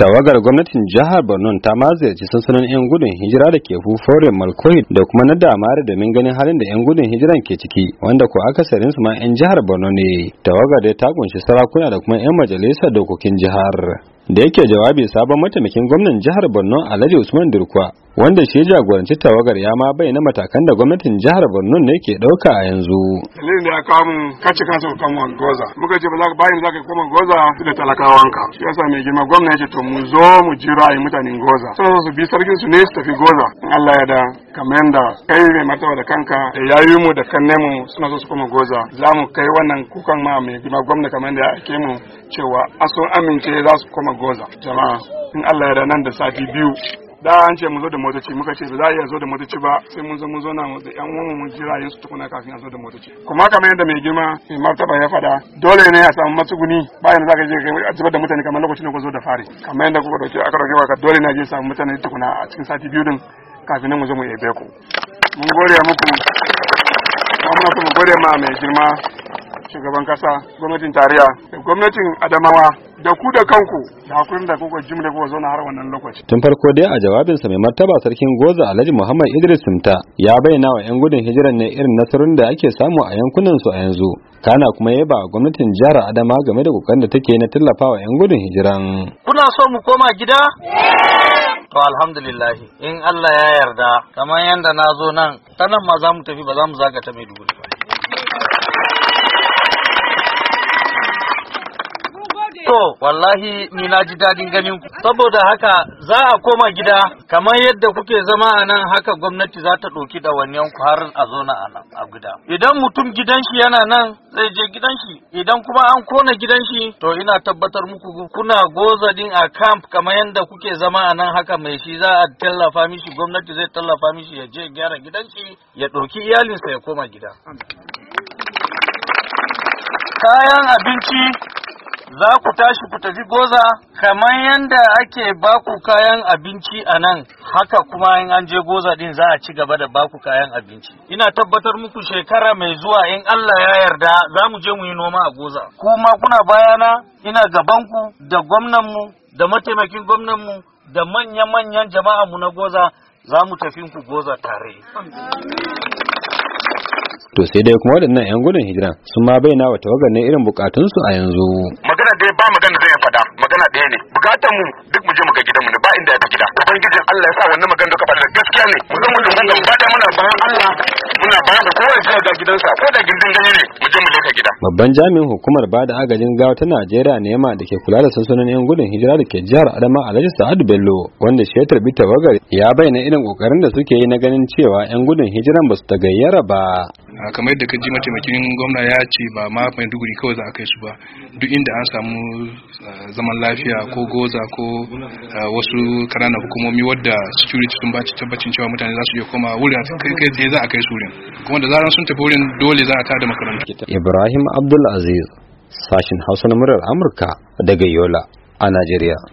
tawagar gwamnatin jihar borno ta ma ziyarci sansanin 'yan gudun hijira da ke hufore malkoi da kuma na damar min ganin halin da 'yan gudun hijiran ke ciki wanda ko akasarin su ma 'yan jihar borno ne tawagar da ta kunshi sarakuna da kuma 'yan majalisar dokokin jihar da yake jawabi sabon mataimakin gwamnan jihar borno alhaji usman durkwa wanda shi jagoranci tawagar ya ma bayyana matakan da gwamnatin jihar borno ne ke dauka a yanzu dalilin da ya kawo mun kace kan kan goza muka ce ba za ka bayin za ka koma goza da talakawanka shi yasa mai girma gwamnati ta to mu zo mu jira yi mutanen goza Sai su bi sarkin su ne su tafi goza Allah ya da kamar yadda kai mai martaba da kanka yayi mu da kanne mu suna so su kuma goza za mu kai wannan kukan ma mai gima gwamna kamar yadda ake mu cewa aso amince za su kuma goza jama'a in Allah ya da nan da sati biyu da an ce mu zo da motoci muka ce ba za a iya zo da motoci ba sai mun zo mun zo nan da yan uwan mu jira yin su tukuna kafin a zo da motoci kuma kamar yadda mai girma mai martaba ya faɗa dole ne a samu matsuguni bayan za ka je ka zubar da mutane kamar lokacin da ku zo da fari kamar yadda kuka dauke aka dauke ka dole ne a je samu mutane tukuna a cikin sati biyu din kafin mu zo mu yabe ku mun gode muku amma kuma gode ma mai girma shugaban kasa gwamnatin tarayya da gwamnatin adamawa da ku da kanku da hakurin da kuka jimla kuka zauna har wannan lokaci. Tun farko dai a jawabinsa mai martaba sarkin Goza Alhaji Muhammad Idris Simta ya bayyana wa 'yan gudun hijiran ne irin nasarun da ake samu a yankunan su a yanzu. Kana kuma ya ba gwamnatin jihar Adama game da kokarin da take na tallafa wa 'yan gudun hijiran. Kuna so mu koma gida? to alhamdulillahi in Allah ya yarda kamar yanda na zo nan ta nan ma za mu tafi ba za mu zagata mai dubu ba wallahi ni na ji daɗin ganin ku. Saboda haka za a koma gida kamar yadda kuke zama a nan haka gwamnati za ta ɗauki ɗawainiyan ku har a zo na a nan a gida. Idan mutum gidan shi yana nan zai je gidan shi idan kuma an kona gidan shi to ina tabbatar muku kuna din a camp kamar yadda kuke zama a nan haka mai shi za a tallafa mishi gwamnati zai tallafa mishi ya je gyara gidan shi ya ɗauki iyalinsa ya koma gida. Kayan abinci za ku tashi ku tafi goza kamar yadda ake baku kayan abinci a nan haka kuma in an je goza din za a ci gaba da baku kayan abinci ina tabbatar muku shekara mai zuwa in Allah ya yarda za mu je mu yi noma a goza kuma kuna bayana ina gabanku da gwamnanmu da mataimakin gwamnanmu da manya-manyan jama'a mu na goza za mu tafi ku goza tare to sai dai kuma waɗannan 'yan gudun hijira sun ma bayyana wa tawagar ne irin bukatunsu a yanzu magana dai ba magana zai faɗa magana ɗaya ne bukatar mu duk mu je mu ga gidan mu ne ba inda ya fi gida ubangijin Allah ya sa wannan magana da ka faɗa gaskiya ne mu zama da mun ba da muna bayan Allah muna bayan da kowa ya ga gidansa ko da gidan ganye ne mu je mu ka gida babban jami'in hukumar bada agajin gawa ta Najeriya ne ma da ke kula da sansanin 'yan gudun hijira da ke jihar Adama Alhaji Sa'adu Bello wanda shi ya tarbi tawagar ya bayyana irin kokarin da suke yi na ganin cewa 'yan gudun hijiran ba su tagayyara ba kamar yadda ka ji mataimakin gwamna ya ce ba ma maiduguri kawai za a kai su ba duk inda an samu zaman lafiya ko goza ko wasu kananan hukumomi wadda security sun baci tabbacin cewa mutane za su iya koma wurin kai kai za a kai su wurin kuma da zaran sun tafi wurin dole za a tada makaranta. Ibrahim Abdul sashin Hausa na murar Amurka daga Yola a Najeriya